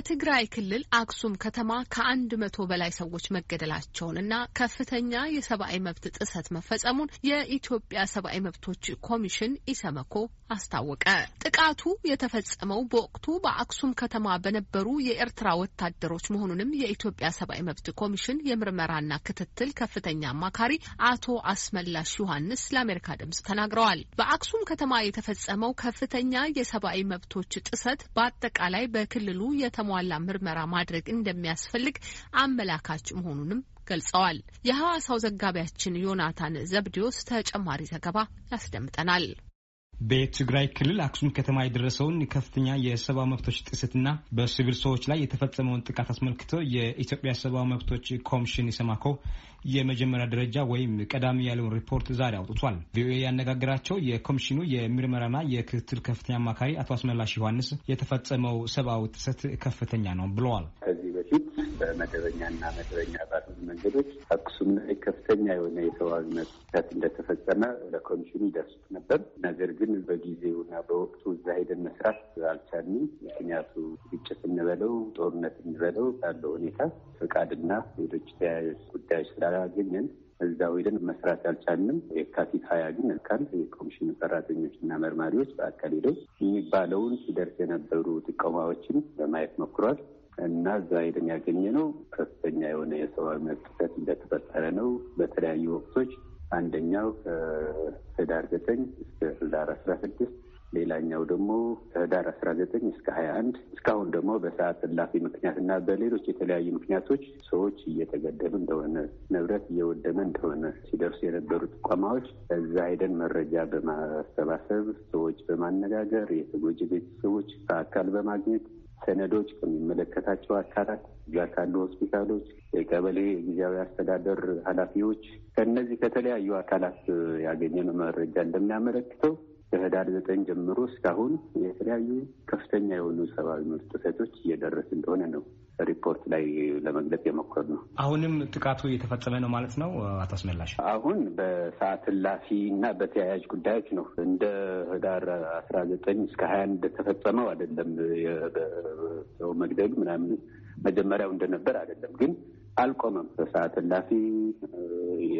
በትግራይ ክልል አክሱም ከተማ ከአንድ መቶ በላይ ሰዎች መገደላቸውን ና ከፍተኛ የሰብአዊ መብት ጥሰት መፈጸሙን የኢትዮጵያ ሰብአዊ መብቶች ኮሚሽን ኢሰመኮ አስታወቀ። ጥቃቱ የተፈጸመው በወቅቱ በአክሱም ከተማ በነበሩ የኤርትራ ወታደሮች መሆኑንም የኢትዮጵያ ሰብአዊ መብት ኮሚሽን የምርመራና ክትትል ከፍተኛ አማካሪ አቶ አስመላሽ ዮሐንስ ለአሜሪካ ድምጽ ተናግረዋል። በአክሱም ከተማ የተፈጸመው ከፍተኛ የሰብአዊ መብቶች ጥሰት በአጠቃላይ በክልሉ የተሞ የተሟላ ምርመራ ማድረግ እንደሚያስፈልግ አመላካች መሆኑንም ገልጸዋል። የሐዋሳው ዘጋቢያችን ዮናታን ዘብዲዮስ ተጨማሪ ዘገባ ያስደምጠናል። በትግራይ ክልል አክሱም ከተማ የደረሰውን ከፍተኛ የሰብአዊ መብቶች ጥሰትና በሲቪል ሰዎች ላይ የተፈጸመውን ጥቃት አስመልክቶ የኢትዮጵያ ሰብአዊ መብቶች ኮሚሽን ኢሰማኮ የመጀመሪያ ደረጃ ወይም ቀዳሚ ያለውን ሪፖርት ዛሬ አውጥቷል። ቪኦኤ ያነጋገራቸው የኮሚሽኑ የምርመራና የክትትል ከፍተኛ አማካሪ አቶ አስመላሽ ዮሐንስ የተፈጸመው ሰብአዊ ጥሰት ከፍተኛ ነው ብለዋል። ከዚህ በፊት በመደበኛና መደበኛ ባልሆኑ መንገዶች አክሱም ላይ ከፍተኛ የሆነ የሰብአዊነት ጥሰት እንደተፈጸመ ለኮሚሽኑ ይደርሱት ነበር። ነገር ግን በጊዜውና በወቅቱ እዛ ሄደን መስራት አልቻልንም። ምክንያቱ ግጭት እንበለው ጦርነት እንበለው ባለው ሁኔታ ፈቃድና ሌሎች ተያያዥ ጉዳዮች ስላላገኘን እዛ ሄደን መስራት አልቻልንም። የካቲት ሀያ ግን አካል የኮሚሽኑ ሰራተኞች እና መርማሪዎች በአካል ሄደው የሚባለውን ሲደርስ የነበሩ ጥቆማዎችን በማየት ሞክሯል። እና እዛ ሄደን ያገኘ ነው ከፍተኛ የሆነ የሰብአዊ መብት ጥሰት እንደተፈጠረ ነው። በተለያዩ ወቅቶች አንደኛው ከህዳር ዘጠኝ እስከ ህዳር አስራ ስድስት ሌላኛው ደግሞ ከህዳር አስራ ዘጠኝ እስከ ሀያ አንድ እስካሁን ደግሞ በሰዓት እላፊ ምክንያት እና በሌሎች የተለያዩ ምክንያቶች ሰዎች እየተገደሉ እንደሆነ፣ ንብረት እየወደመ እንደሆነ ሲደርሱ የነበሩ ጥቆማዎች እዛ ሄደን መረጃ በማሰባሰብ ሰዎች በማነጋገር የተጎጂ ቤተሰቦች በአካል በማግኘት ሰነዶች ከሚመለከታቸው አካላት እዛ ካሉ ሆስፒታሎች፣ የቀበሌ ጊዜያዊ አስተዳደር ኃላፊዎች ከእነዚህ ከተለያዩ አካላት ያገኘነው መረጃ እንደሚያመለክተው ከህዳር ዘጠኝ ጀምሮ እስካሁን የተለያዩ ከፍተኛ የሆኑ ሰብአዊ መብት ጥሰቶች እየደረስ እንደሆነ ነው ሪፖርት ላይ ለመግለጽ የሞከር ነው። አሁንም ጥቃቱ እየተፈጸመ ነው ማለት ነው። አቶ አስመላሽ፣ አሁን በሰዓት እላፊ እና በተያያዥ ጉዳዮች ነው እንደ ህዳር አስራ ዘጠኝ እስከ ሀያ አንድ ተፈጸመው አይደለም ሰው መግደሉ ምናምን መጀመሪያው እንደነበር አይደለም ግን አልቆመም። በሰዓት እላፊ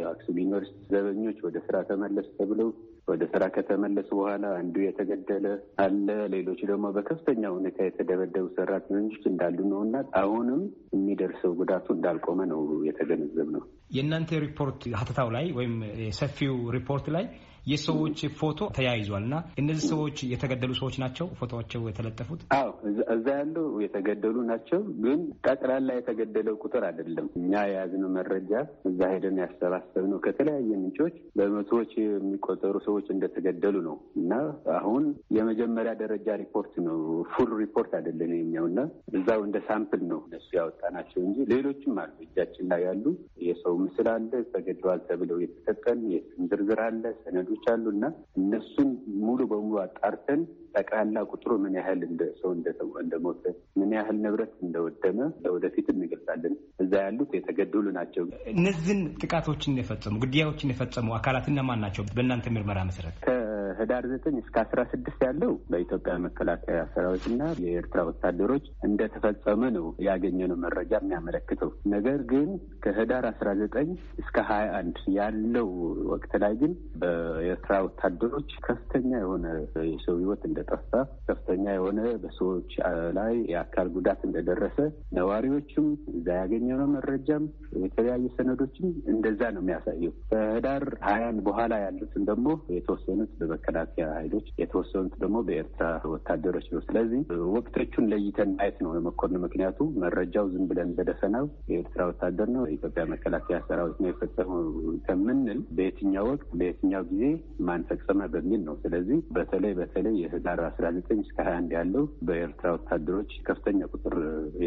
የአክሱም ዩኒቨርሲቲ ዘበኞች ወደ ስራ ተመለሱ ተብለው ወደ ስራ ከተመለሱ በኋላ አንዱ የተገደለ አለ። ሌሎች ደግሞ በከፍተኛ ሁኔታ የተደበደቡ ሰራተኞች እንዳሉ ነው እና አሁንም የሚደርሰው ጉዳቱ እንዳልቆመ ነው የተገነዘብ ነው። የእናንተ ሪፖርት ሀተታው ላይ ወይም ሰፊው ሪፖርት ላይ የሰዎች ፎቶ ተያይዟል እና እነዚህ ሰዎች የተገደሉ ሰዎች ናቸው። ፎቶቸው የተለጠፉት አዎ፣ እዛ ያሉ የተገደሉ ናቸው። ግን ጠቅላላ የተገደለው ቁጥር አይደለም። እኛ የያዝነው መረጃ እዛ ሄደን ያሰባሰብነው ከተለያየ ምንጮች በመቶዎች የሚቆጠሩ ሰዎች እንደተገደሉ ነው እና አሁን የመጀመሪያ ደረጃ ሪፖርት ነው። ፉል ሪፖርት አይደለም የኛው እና እዛው እንደ ሳምፕል ነው እነሱ ያወጣናቸው እንጂ ሌሎችም አሉ እጃችን ላይ ያሉ የሰው ስላለ ተገድሏል ተብለው የተሰጠን የስም ዝርዝር አለ፣ ሰነዶች አሉ እና እነሱን ሙሉ በሙሉ አጣርተን ጠቅላላ ቁጥሩ ምን ያህል እንደ ሰው እንደሞተ ምን ያህል ንብረት እንደወደመ ለወደፊት እንገልጻለን። እዛ ያሉት የተገደሉ ናቸው። እነዚህን ጥቃቶችን የፈጸሙ ግድያዎችን የፈጸሙ አካላት እነማን ናቸው? በእናንተ ምርመራ መሰረት ከህዳር ዘጠኝ እስከ አስራ ስድስት ያለው በኢትዮጵያ መከላከያ ሰራዊት የኤርትራ ወታደሮች እንደተፈጸመ ነው ያገኘነው መረጃ የሚያመለክተው። ነገር ግን ከህዳር አስራ ዘጠኝ እስከ ሀያ አንድ ያለው ወቅት ላይ ግን በኤርትራ ወታደሮች ከፍተኛ የሆነ የሰው ህይወት እንደጠፋ፣ ከፍተኛ የሆነ በሰዎች ላይ የአካል ጉዳት እንደደረሰ ነዋሪዎችም እዛ ያገኘነው መረጃም የተለያዩ ሰነዶችም እንደዛ ነው የሚያሳየው። ከህዳር ሀያን በኋላ ያሉትን ደግሞ የተወሰኑት በመከ መከላከያ ኃይሎች የተወሰኑት ደግሞ በኤርትራ ወታደሮች ነው። ስለዚህ ወቅቶቹን ለይተን ማየት ነው የመኮንን። ምክንያቱ መረጃው ዝም ብለን በደፈናው የኤርትራ ወታደር ነው የኢትዮጵያ መከላከያ ሰራዊት ነው የፈጸመው ከምንል በየትኛው ወቅት በየትኛው ጊዜ ማን ፈጸመ በሚል ነው። ስለዚህ በተለይ በተለይ የህዳር አስራ ዘጠኝ እስከ ሀያ አንድ ያለው በኤርትራ ወታደሮች ከፍተኛ ቁጥር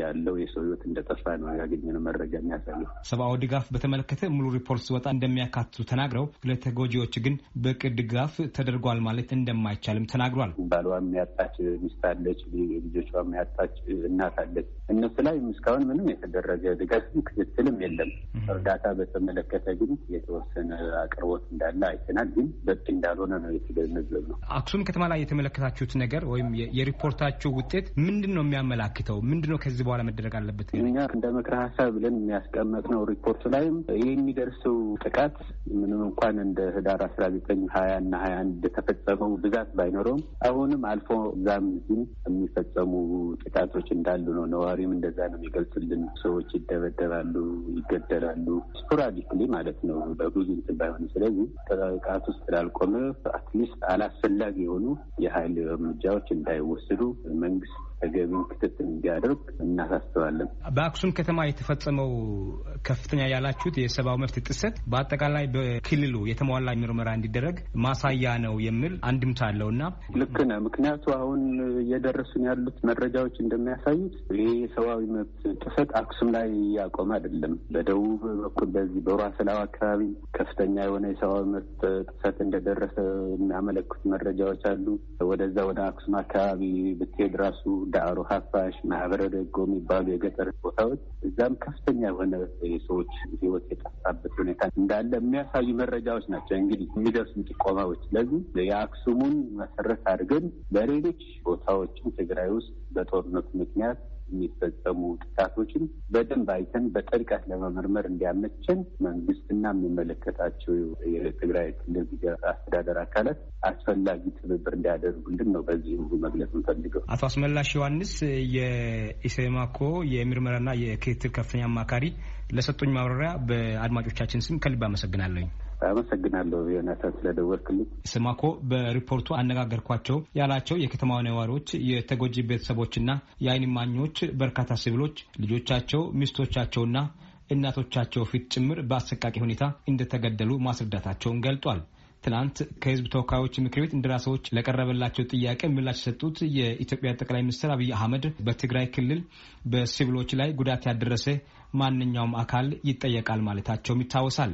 ያለው የሰው ህይወት እንደጠፋ ነው ያገኘነው መረጃ የሚያሳየው። ሰብአዊ ድጋፍ በተመለከተ ሙሉ ሪፖርት ሲወጣ እንደሚያካትቱ ተናግረው ለተጎጂዎች ግን በቅድ ድጋፍ ተደርጓል ተደርጓል ማለት እንደማይቻልም ተናግሯል። ባሏ የሚያጣች ሚስት አለች፣ ልጆቿ የሚያጣች እናት አለች። እነሱ ላይ እስካሁን ምንም የተደረገ ድጋፍም ክትትልም የለም። እርዳታ በተመለከተ ግን የተወሰነ አቅርቦት እንዳለ አይተናል፣ ግን በቂ እንዳልሆነ ነው የተገነዘብ ነው። አክሱም ከተማ ላይ የተመለከታችሁት ነገር ወይም የሪፖርታችሁ ውጤት ምንድን ነው የሚያመላክተው? ምንድን ነው ከዚህ በኋላ መደረግ አለበት? እኛ እንደ ምክረ ሀሳብ ብለን የሚያስቀመጥ ነው ሪፖርቱ ላይም ይህ የሚደርሰው ጥቃት ምንም እንኳን እንደ ህዳር አስራ ዘጠኝ ሀያ እና ሀያ አንድ የተፈጸመው ብዛት ባይኖረውም አሁንም አልፎ እዛም እዚህም የሚፈጸሙ ጥቃቶች እንዳሉ ነው። ነዋሪም እንደዛ ነው የሚገልጽልን። ሰዎች ይደበደባሉ፣ ይገደላሉ ስፖራዲክሊ ማለት ነው በብዙ እንትን ባይሆን። ስለዚህ ጥቃት ውስጥ ላልቆመ አትሊስት አላስፈላጊ የሆኑ የሀይል እርምጃዎች እንዳይወስዱ መንግስት ተገቢውን ክትትል እንዲያደርግ እናሳስባለን። በአክሱም ከተማ የተፈጸመው ከፍተኛ ያላችሁት የሰብአዊ መብት ጥሰት በአጠቃላይ በክልሉ የተሟላ ምርመራ እንዲደረግ ማሳያ ነው የሚል አንድምታ አለው እና ልክ ነው። ምክንያቱ አሁን እየደረሱን ያሉት መረጃዎች እንደሚያሳዩት ይህ የሰብአዊ መብት ጥሰት አክሱም ላይ ያቆመ አይደለም። በደቡብ በኩል በዚህ በራሰላው አካባቢ ከፍተኛ የሆነ የሰብአዊ መብት ጥሰት እንደደረሰ የሚያመለክቱ መረጃዎች አሉ። ወደዛ ወደ አክሱም አካባቢ ብትሄድ ራሱ እንደ ሀፋሽ፣ ማህበረ ደጎ የሚባሉ የገጠር ቦታዎች እዛም ከፍተኛ የሆነ የሰዎች ህይወት የጠፋበት ሁኔታ እንዳለ የሚያሳዩ መረጃዎች ናቸው እንግዲህ የሚደርሱ ጥቆማዎች። ስለዚህ የአክሱሙን መሰረት አድርገን በሌሎች ቦታዎችም ትግራይ ውስጥ በጦርነቱ ምክንያት የሚፈጸሙ ጥቃቶችን በደንብ አይተን በጥልቀት ለመመርመር እንዲያመችን መንግስትና የሚመለከታቸው የትግራይ ክልል ጊዜያዊ አስተዳደር አካላት አስፈላጊ ትብብር እንዲያደርጉልን ነው በዚህ ሁሉ መግለጽ እንፈልገው። አቶ አስመላሽ ዮሐንስ የኢሴማኮ የምርመራና የክትትል ከፍተኛ አማካሪ ለሰጡኝ ማብራሪያ በአድማጮቻችን ስም ከልብ አመሰግናለኝ። አመሰግናለሁ ዮናታን ስለደወልክልኝ። ስማኮ በሪፖርቱ አነጋገርኳቸው ያላቸው የከተማ ነዋሪዎች፣ የተጎጂ ቤተሰቦችና የአይን ማኞች በርካታ ሲቪሎች ልጆቻቸው፣ ሚስቶቻቸውና እናቶቻቸው ፊት ጭምር በአሰቃቂ ሁኔታ እንደተገደሉ ማስረዳታቸውን ገልጧል። ትናንት ከህዝብ ተወካዮች ምክር ቤት እንደራሴዎች ለቀረበላቸው ጥያቄ ምላሽ የሰጡት የኢትዮጵያ ጠቅላይ ሚኒስትር አብይ አህመድ በትግራይ ክልል በሲቪሎች ላይ ጉዳት ያደረሰ ማንኛውም አካል ይጠየቃል ማለታቸውም ይታወሳል።